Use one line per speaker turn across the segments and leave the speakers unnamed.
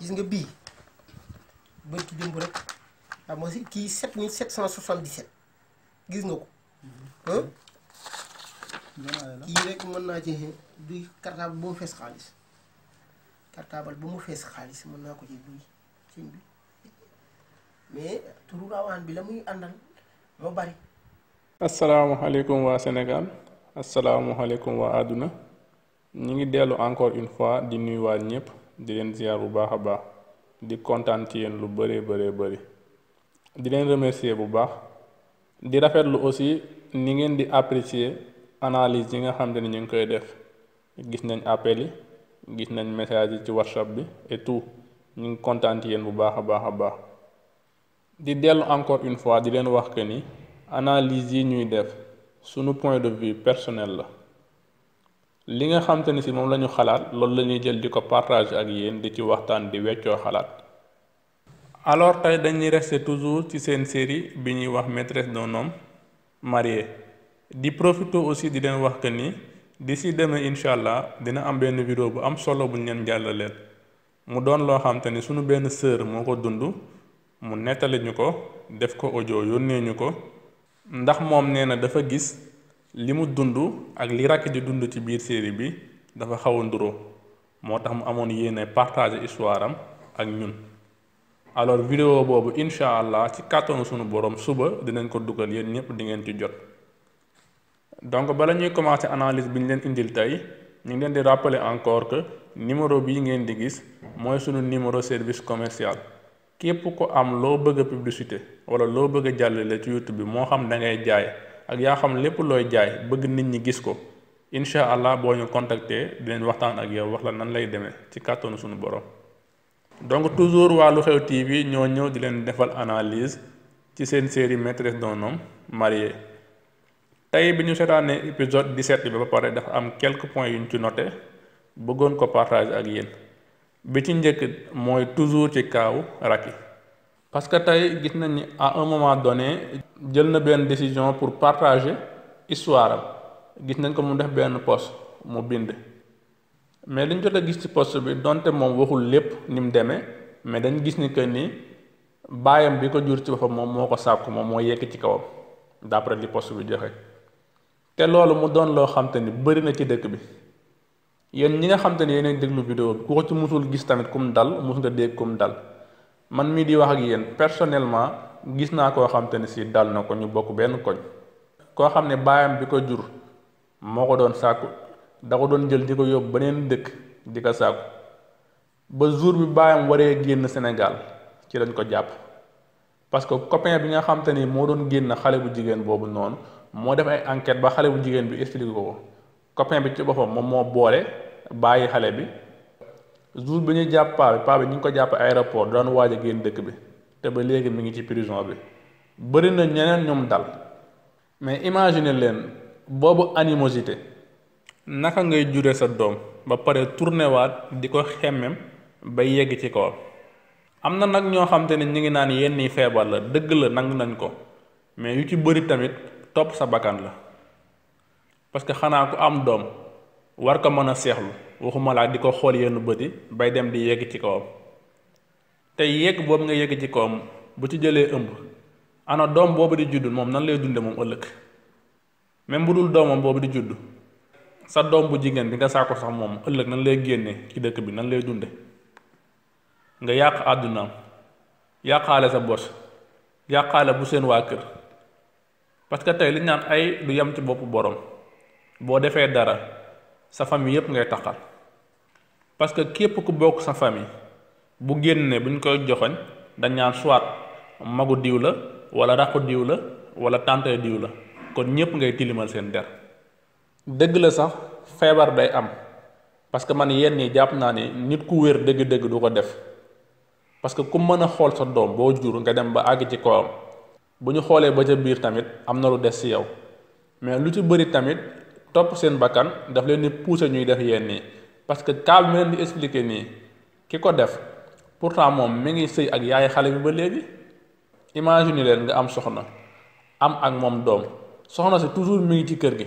gis nga bii bëri ki démb rek waaw ah, moo si kii 7777 gis nga ko. Mhm. kii rek mën naa ci duy cartable ba mu fees xaalis cartable ba mu fees xaalis mën naa ko ci duy mais turu raawaan bi la muy àndal moo bari. asalaamaaleykum waa Sénégal asalaamaaleykum waa àdduna ñu ngi dellu encore une fois di nuyu waa ñëpp. di leen ziar bu baax a baax di kontaan ci yéen lu bëree bëree bëri di leen remercier bu baax di rafetlu aussi ni ngeen di apprécier analyse yi nga xam ne ñu ngi koy def gis nañ appel yi gis nañ message yi ci whatsapp bi et tout ñu ngi kontaan yéen bu baax a baax a baax di dellu encore une fois di leen wax que ni analyse yi ñuy def sunu point de vue personnel la. li nga xam te ne si moom la ñu xalaat loolu la ñuy jël di ko partage ak yéen di ci waxtaan di weccoo xalaat. alors tey dañuy rester toujours ci seen série bi ñuy wax maîtresse d'un noom marié di profité aussi di leen wax que ni d'ici demain incha allah dina am benn vidéo bu am solo bu ñu leen mu doon loo xam te ni sunu benn sœur moo ko dund mu nettali ñu ko def ko ojo yónnee ñu ko ndax moom nee na dafa gis. li mu dund ak li rakk di dund ci biir série bi dafa xaw a nduroo moo tax mu amoon yéene partager histoire am ak ñun alors video boobu incha allah ci kàttanu sunu borom suba dinañ ko dugal yéen ñëpp di ngeen ci jot donc bala ñuy commencer analyse bi ñu leen indil tey ñu ngi leen di rappeler encore que numéro bii ngeen di gis mooy sunu numéro service commercial képp ko am loo bëgg a publicité wala loo bëgg a jàllale ci YouTube bi moo xam da ngay jaay. ak yaa xam lépp looy jaay bëgg nit ñi gis ko incha allah boo ñu contacter dinañ waxtaan ak yow wax la nan lay demee ci kàttanu suñu borom. donc toujours waa Lu Xew TV ñoo ñëw di leen defal analyse ci seen série maîtresse d'un homme marié tey bi ñu seetaanee épisode di bi ba pare dafa am quelque point yu ñu ci noté bëggoon ko partager ak yéen bi ci njëkk mooy toujours ci kaaw Racky parce que gis nañ ni à un jël na benn décision pour partager histoire am gis nañ ko mu def benn post mu bind mais liñ jot a gis ci post bi donte moom waxul lépp ni mu demee mais dañ gis ni que ni baayam bi ko jur ci boppam moom moo ko sàkk moom moo yekk ci kawam d'après di post bi joxe te loolu mu doon loo xam te ni bëri na ci dëkk bi yéen ñi nga xam te ni yéenay déglu video bi ku ko ci musul gis tamit kum dal mus nga dégg kum dal man mii di wax ak yéen personnellement. gis naa koo xam te ne si dal na ko ñu bokk benn koñ koo xam ne baayam bi ko jur moo ko doon sàkku da doon jël di ko yóbbu beneen dëkk di ko sàkku ba jour bi baayam waree génn Sénégal ci lañ ko jàpp parce que copain bi nga xam ni moo doon génn xale bu jigéen boobu noonu moo def ay enquête ba xale bu jigéen bi expliqué ko copain bi ci boppam moom moo boole bàyyi xale bi jour bi ñuy jàpp paa bi ñu ngi ko jàpp aéroport doon waaj génn dëkk bi te ba léegi mu ngi ci prison bi bëri na ñeneen ñoom dal mais imagine leen boobu animosité naka ngay jure sa doom ba pare tourné waat di ko xemmem ba yegg ci kaw am na nag ñoo xam te ne ñu ngi naan yenn yi feebar la dëgg la nangu nañ ko mais yu ci bëri tamit topp sa bakkan la parce que xanaa ku am doom war ko mën a seexlu waxuma laa di ko xool yenn bëti bay dem di yegg ci kawam tey yegg boobu nga yegg ci koom bu ci jëlee ëmb ana doom boobu di juddu moom nan lay dunde moom ëllëg même bu dul doomam boobu di juddu sa doom bu jigéen bi nga saako sax moom ëllëg nan lay génne ci dëkk bi nan lay dunde nga yàq àddunaam yàqaale sa bos yàqaale bu seen waa kër parce que tey li naan ay lu yem ci boppu borom boo defee dara sa famille yépp ngay taxal parce que képp ku bokk sa famille bu génnee bu ñu koy joxoñ dañ naan soit magu diw la wala raqu diw la wala tante diw la kon ñëpp ngay tilimal seen der dëgg la sax feebar day am parce que man yenn yi jàpp naa ni nit ku wér dëgg-dëgg du ko def parce que ku mën a xool sa doom boo jur nga dem ba àgg ci kawam bu ñu xoolee ba ca biir tamit am na lu des ci yow mais lu ci bëri tamit topp seen bakkan daf leen nit pousser ñuy def yenn yi parce que cas bi ma leen di nii ki ko def. pourtant moom mi ngi sëy ak yaay xale bi ba léegi imagine leen nga am soxna am ak moom doom soxna si toujours mi ngi ci kër gi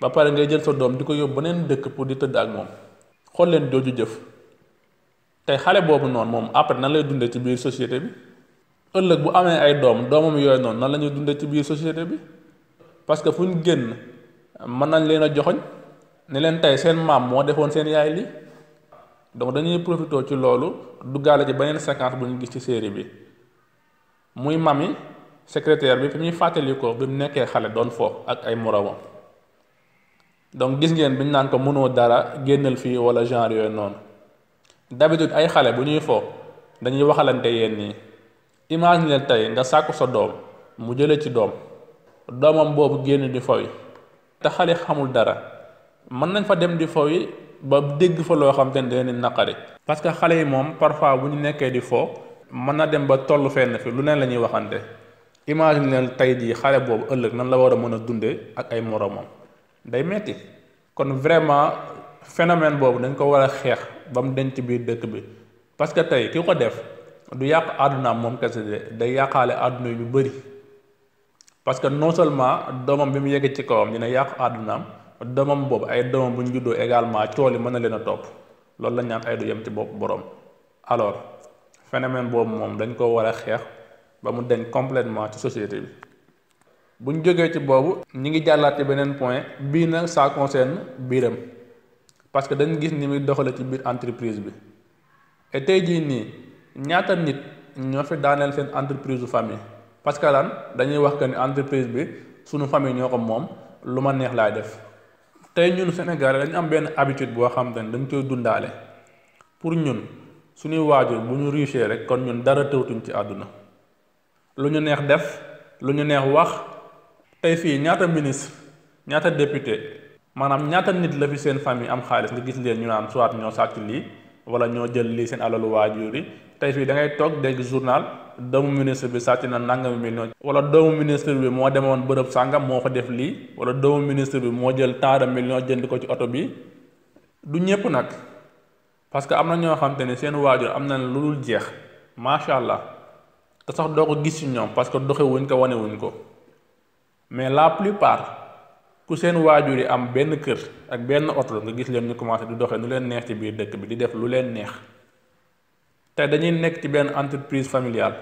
ba pare ngay jël sa doom di ko yóbbu beneen dëkk pour di tëdd ak moom xool leen doo jooju jëf tey xale boobu noonu moom après na lay dundee ci biir société bi ëllëg bu amee ay doom doomam yooyu noonu nan la ñuy dundee ci biir société bi parce que fu ñu génn mën nañ leen a joxoñ ni leen tey seen maam moo defoon seen yaay lii donc dañuy profité ci loolu duggaale ji beneen séquence bu ñu gis ci série bi muy mami secretaire bi fi muy fàttali ko bi mu nekkee xale doon fo ak ay moromam donc gis ngeen bi naan ko mënoo dara génnal fii wala genre yooyu noonu d'habitude ay xale bu ñuy fo dañuy waxalante yéen nii imagine leen tey nga sàkku sa doom mu jële ci doom doomam boobu génn di foy te xale xamul dara mën nañ fa dem di foy ba dégg fa loo xam te ne dina naqari parce que xale yi moom parfois bu ñu nekkee di fo mën na dem ba toll fenn fii lu ne la ñuy waxante imagine leen tey jii xale boobu ëllëg nan la war a mën a dunde ak ay moromam day metti kon vraiment phénomène boobu dañ ko war a xeex ba mu denc biir dëkk bi parce que tey ki ko def du yàq àddunaam moom kese de day yàqaale àdduna yu bëri parce que non seulement doomam bi mu yegg ci kawam dina yàq àddunaam doomam boobu ay doomam bu ñu juddoo également cool yi mën na leen a topp loolu la ñaan ay du yem ci bopp boroom alors phénomène boobu moom dañ ko war a xeex ba mu deñ complètement ci société bi bu jógee ci boobu ñi ngi jàllaat ci beneen point bii nag ça concerne biiram parce que dañ gis ni muy doxale ci biir entreprise bi et tey jii nii ñaata nit ñoo fi daaneel seen entreprise su famille parce que lan dañuy wax que ni entreprise bi sunu famille ñoo ko moom lu ma neex laay def tey ñun Sénégal dañu am benn habitude boo xam te ne dañ koy dundaale pour ñun suñuy waajur bu ñu riche rek kon ñun dara tëwtuñ ci àdduna lu ñu neex def lu ñu neex wax tey fii ñaata ministre ñaata deputé maanaam ñaata nit la fi seen famille am xaalis nga gis leen ñu naan soit ñoo sàcc lii wala ñoo jël lii seen alalu waajur yi tey fii da ngay toog dégg journal doomu ministre bi sàcc na nangami million wala doomu ministre bi moo demoon bërëb sàngam moo fa def lii wala doomu ministre bi moo jël taara de million jënd ko ci oto bi du ñëpp nag parce que am na ñoo xam te ne seen waajur am na lu dul jeex macha allah te sax doo ko gis ci ñoom parce que doxewuñ ko wanewuñ ko mais la plupart ku seen waajur yi am benn kër ak benn oto nga gis leen ñu commencé du doxee nu leen neex ci biir dëkk bi di def lu leen neex te dañuy nekk ci benn entreprise familiale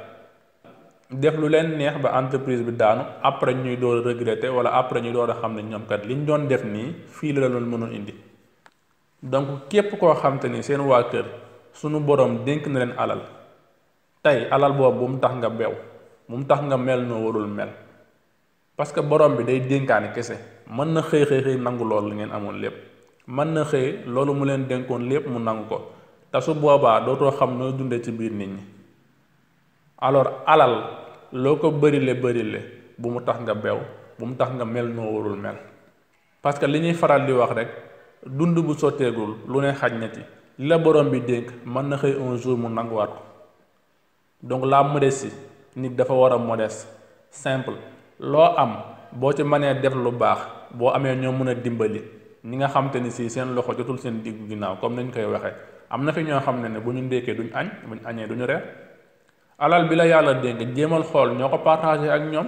def lu leen neex ba entreprise bi daanu après ñuy door a regretter wala après ñuy door a xam ne ñoom kat li ñu doon def nii fii la la mënoon indi donc képp koo xam ni seen waa kër sunu borom dénk na leen alal tey alal boobu bu mu tax nga bew bu mu tax nga mel noo warul mel. parce que borom bi day dénkaane kese mën na xëy xëy xëy nangu loolu ngeen amoon lépp mën na xëy loolu mu leen dénkoon lépp mu nangu ko te su boobaa dootoo xam noo dundee ci biir nit ñi alors alal loo ko bërile bërile bu mu tax nga bew bu mu tax nga mel noo warul mel parce que li ñuy faral di wax rek dund bu sotteegul lu ne xaj na ci li la borom bi dénk mën na xëy un jour mu nanguwaat ko donc la modestie nit dafa war a modeste simple. loo am boo ci mënee def lu baax boo amee ñoo mën a dimbali ñi nga xam ni si seen loxo jotul seen diggu ginnaaw comme ni ñu koy waxee am na fi ñoo xam ne ne bu ñu ndékkee duñ añ bu añee duñu reer alal bi la yàlla dénk jéemal xool ñoo ko partagé ak ñoom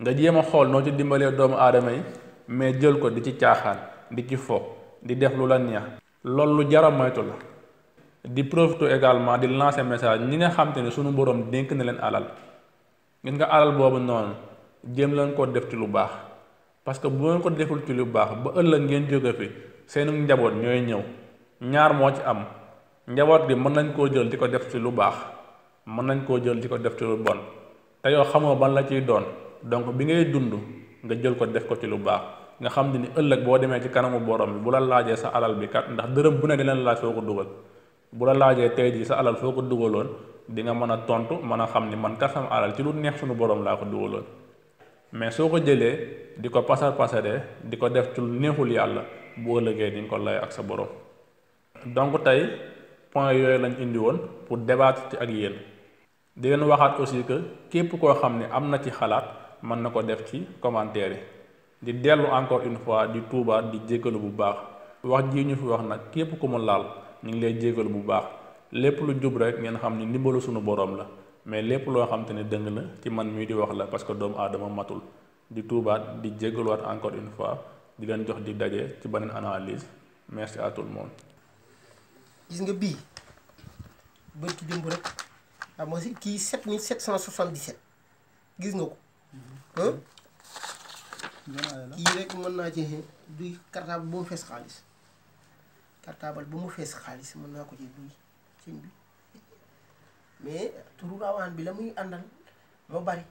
nga jéem a xool noo ci dimbalee doomu aadama yi mais jël ko di ci caaxaan di ci fo di def lu la neex loolu lu jara moytu la di profité également di lancer message ñi nga xam te ne sunu boroom dénk na leen alal ngeen nga alal boobu noonu jéem leen koo def ci lu baax parce que bu leen ko deful ci lu baax ba ëllëg ngeen jóge fi seenu njaboot ñooy ñëw ñaar moo ci am njaboot gi mën nañ koo jël di ko def ci lu baax mën nañ koo jël di ko def ci lu bon te yow xamoo ban la ciy doon donc bi ngay dund nga jël ko def ko ci lu baax nga xam ne ni ëllëg boo demee ci kanamu borom bi bu la laajee sa alal bi kat ndax dërëm bu ne di leen laaj foo ko dugal bu la laajee tey jii sa alal foo ko dugaloon di nga mën a tontu mën a xam ni man kat sama alal ci lu neex suñu borom laa ko dugaloon mais soo ko jëlee di ko pasar pasaree di ko def ci lu neexul yàlla bu ëllëgee di nga ko lay ak sa borom. donc tey point yooyu lañ indi woon pour débattre ci ak yéen di leen waxaat aussi que képp koo xam ne am na ci xalaat mën na ko def ci commentaire yi. di dellu encore une fois di tuubaat di jéggalu bu baax wax ji ñu fi wax nag képp ko mu laal ñu ngi lay jéggalu bu baax. lépp lu jub rek ngeen xam ni ndimbalu sunu boroom la mais lépp loo xam te ne dëng la ci man mii di wax la parce que doomu aadama matul di tuubaat di jégaluwaat encore une fois di leen jox di daje ci beneen analyse merci à tout le gis nga bii bëri ci démb rek ah moo si kii 7777 gis nga ko. Hmm. kii rek mën naa ci duy cartable bu mu fees xaalis cartable bu mu fees xaalis mën naa ko ci duy. sëñ bi mais turu rawaan bi la muy àndal moo bari